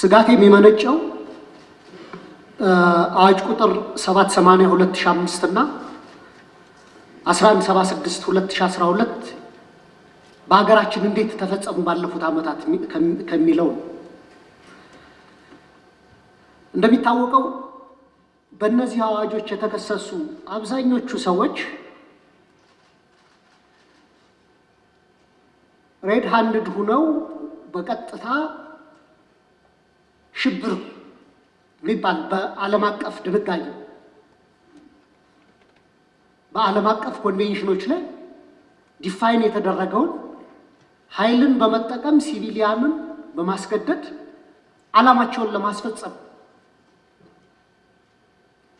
ስጋት የሚመነጨው አዋጅ ቁጥር 780 2005 እና 1176 2012 በሀገራችን እንዴት ተፈጸሙ ባለፉት ዓመታት ከሚለው ነው። እንደሚታወቀው በእነዚህ አዋጆች የተከሰሱ አብዛኞቹ ሰዎች ሬድ ሃንድድ ሁነው በቀጥታ ሽብር የሚባል በዓለም አቀፍ ድንጋጌ በዓለም አቀፍ ኮንቬንሽኖች ላይ ዲፋይን የተደረገውን ኃይልን በመጠቀም ሲቪሊያንን በማስገደድ ዓላማቸውን ለማስፈጸም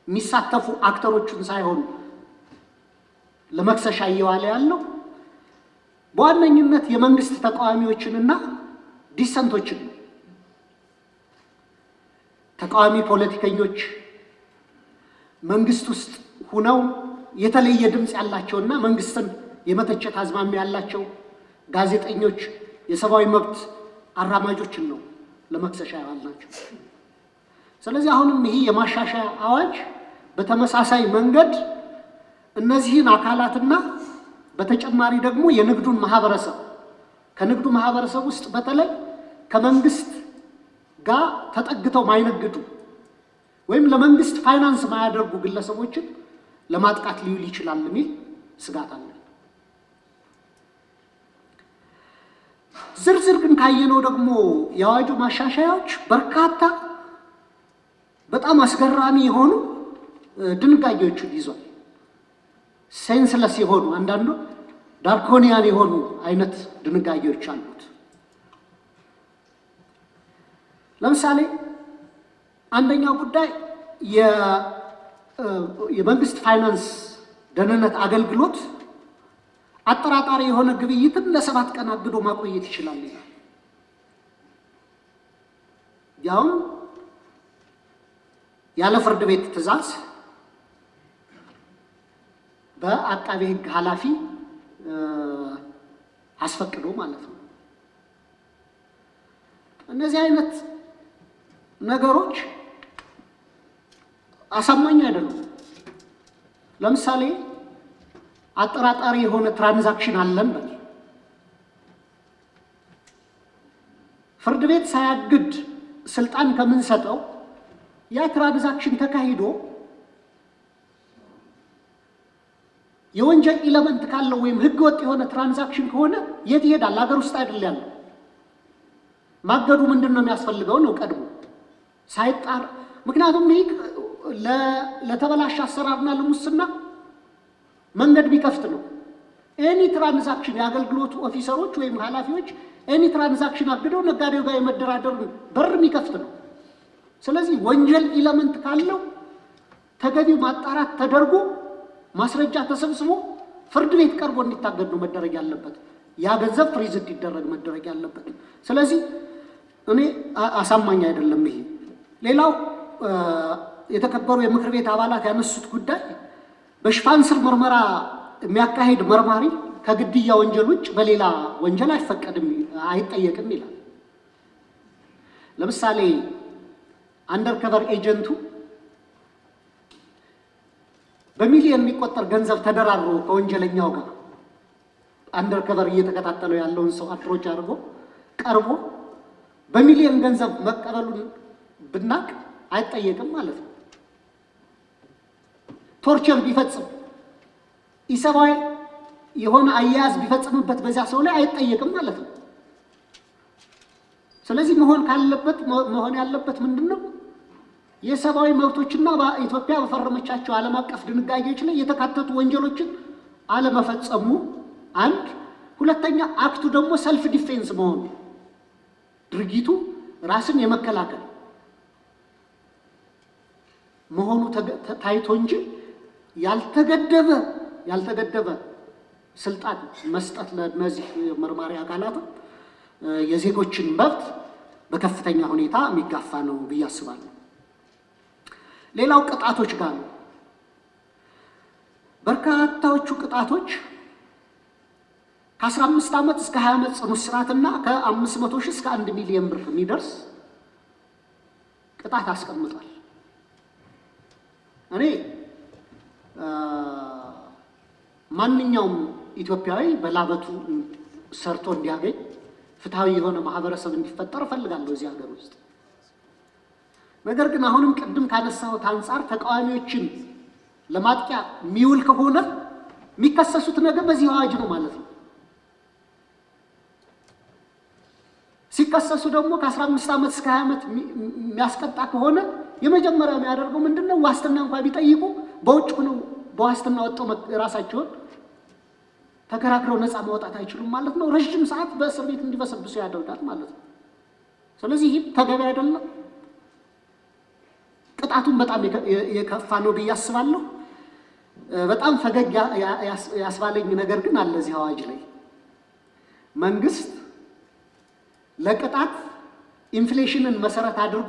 የሚሳተፉ አክተሮችን ሳይሆኑ ለመክሰሻ እየዋለ ያለው በዋነኝነት የመንግስት ተቃዋሚዎችንና ዲሰንቶችን ተቃዋሚ ፖለቲከኞች መንግስት ውስጥ ሁነው የተለየ ድምፅ ያላቸውና መንግስትን የመተቸት አዝማሚያ ያላቸው ጋዜጠኞች፣ የሰብአዊ መብት አራማጆችን ነው ለመክሰሻ ያልናቸው። ስለዚህ አሁንም ይሄ የማሻሻያ አዋጅ በተመሳሳይ መንገድ እነዚህን አካላትና በተጨማሪ ደግሞ የንግዱን ማህበረሰብ ከንግዱ ማህበረሰብ ውስጥ በተለይ ከመንግስት ጋር ተጠግተው ማይነግዱ ወይም ለመንግስት ፋይናንስ ማያደርጉ ግለሰቦችን ለማጥቃት ሊውል ይችላል የሚል ስጋት አለ። ዝርዝር ግን ካየነው ደግሞ የአዋጁ ማሻሻያዎች በርካታ በጣም አስገራሚ የሆኑ ድንጋጌዎችን ይዟል። ሴንስለስ የሆኑ አንዳንዱ ዳርኮኒያን የሆኑ አይነት ድንጋጌዎች አሉት። ለምሳሌ አንደኛው ጉዳይ የመንግስት ፋይናንስ ደህንነት አገልግሎት አጠራጣሪ የሆነ ግብይትን ለሰባት ቀን አግዶ ማቆየት ይችላል ይላል። ያውም ያለ ፍርድ ቤት ትዕዛዝ በአቃቤ ሕግ ኃላፊ አስፈቅዶ ማለት ነው። እነዚህ አይነት ነገሮች አሳማኝ አይደሉም። ለምሳሌ አጠራጣሪ የሆነ ትራንዛክሽን አለን በል ፍርድ ቤት ሳያግድ ስልጣን ከምንሰጠው ያ ትራንዛክሽን ተካሂዶ የወንጀል ኢለመንት ካለው ወይም ህገ ወጥ የሆነ ትራንዛክሽን ከሆነ የት ይሄዳል? ሀገር ውስጥ አይደል ያለው። ማገዱ ምንድን ነው የሚያስፈልገው ነው ቀድሞ ሳይጣር ምክንያቱም ይህ ለተበላሽ አሰራርና ለሙስና መንገድ ቢከፍት ነው። ኤኒ ትራንዛክሽን የአገልግሎት ኦፊሰሮች ወይም ኃላፊዎች ኤኒ ትራንዛክሽን አግደው ነጋዴው ጋር የመደራደር በር የሚከፍት ነው። ስለዚህ ወንጀል ኢለመንት ካለው ተገቢው ማጣራት ተደርጎ ማስረጃ ተሰብስቦ ፍርድ ቤት ቀርቦ እንዲታገድ ነው መደረግ ያለበት። ያ ገንዘብ ፍሪዝ እንዲደረግ መደረግ ያለበት። ስለዚህ እኔ አሳማኝ አይደለም ይሄ ሌላው የተከበሩ የምክር ቤት አባላት ያነሱት ጉዳይ በሽፋን ስር ምርመራ የሚያካሄድ መርማሪ ከግድያ ወንጀል ውጭ በሌላ ወንጀል አይፈቀድም፣ አይጠየቅም ይላል። ለምሳሌ አንደርከቨር ኤጀንቱ በሚሊዮን የሚቆጠር ገንዘብ ተደራሮ ከወንጀለኛው ጋር አንደርከቨር እየተከታተለው ያለውን ሰው አድሮች አድርጎ ቀርቦ በሚሊዮን ገንዘብ መቀበሉን ብናቅ አይጠየቅም ማለት ነው። ቶርቸር ቢፈጽም ኢሰብአዊ የሆነ አያያዝ ቢፈጽምበት በዚያ ሰው ላይ አይጠየቅም ማለት ነው። ስለዚህ መሆን ካለበት መሆን ያለበት ምንድን ነው? የሰብአዊ መብቶችና በኢትዮጵያ በፈረመቻቸው ዓለም አቀፍ ድንጋጌዎች ላይ የተካተቱ ወንጀሎችን አለመፈጸሙ አንድ፣ ሁለተኛ አክቱ ደግሞ ሰልፍ ዲፌንስ መሆኑ ድርጊቱ ራስን የመከላከል መሆኑ ታይቶ እንጂ ያልተገደበ ያልተገደበ ስልጣን መስጠት ለነዚህ መርማሪ አካላት የዜጎችን መብት በከፍተኛ ሁኔታ የሚጋፋ ነው ብዬ አስባለሁ። ሌላው ቅጣቶች ጋር ነው። በርካታዎቹ ቅጣቶች ከ15 ዓመት እስከ 20 ዓመት ጽኑ እስራትና ከ500 ሺህ እስከ 1 ሚሊዮን ብር የሚደርስ ቅጣት አስቀምጧል። እኔ ማንኛውም ኢትዮጵያዊ በላበቱ ሰርቶ እንዲያገኝ ፍትሐዊ የሆነ ማህበረሰብ እንዲፈጠር እፈልጋለሁ እዚህ ሀገር ውስጥ። ነገር ግን አሁንም ቅድም ካነሳሁት አንጻር ተቃዋሚዎችን ለማጥቂያ የሚውል ከሆነ የሚከሰሱት ነገር በዚህ አዋጅ ነው ማለት ነው። ሲከሰሱ ደግሞ ከ15 ዓመት እስከ 20 ዓመት የሚያስቀጣ ከሆነ የመጀመሪያው የሚያደርገው ምንድን ነው? ዋስትና እንኳ ቢጠይቁ በውጭ ሆነው በዋስትና ወጥተው ራሳቸውን ተከራክረው ነፃ ማውጣት አይችሉም ማለት ነው። ረዥም ሰዓት በእስር ቤት እንዲበሰብሱ ያደርጋል ማለት ነው። ስለዚህ ይህ ተገቢ አይደለም። ቅጣቱን በጣም የከፋ ነው ብዬ አስባለሁ። በጣም ፈገግ ያስባለኝ ነገር ግን አለ እዚህ አዋጅ ላይ መንግስት ለቅጣት ኢንፍሌሽንን መሰረት አድርጎ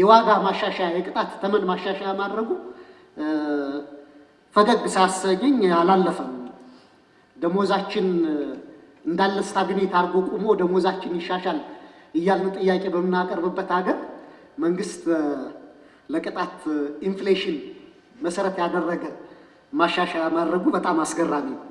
የዋጋ ማሻሻያ የቅጣት ተመን ማሻሻያ ማድረጉ ፈገግ ሳያሰኘኝ አላለፈም። ደሞዛችን እንዳለ ስታግኔት አድርጎ ቁሞ ደሞዛችን ይሻሻል እያልን ጥያቄ በምናቀርብበት ሀገር መንግስት ለቅጣት ኢንፍሌሽን መሰረት ያደረገ ማሻሻያ ማድረጉ በጣም አስገራሚ ነው።